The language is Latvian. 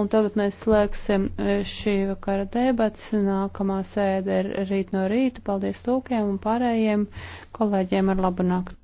Un tagad mēs slēgsim e, šī vakara debats. Nākamā sēde ir rīt no rīta. Paldies tūkiem un pārējiem kolēģiem ar labu nakti.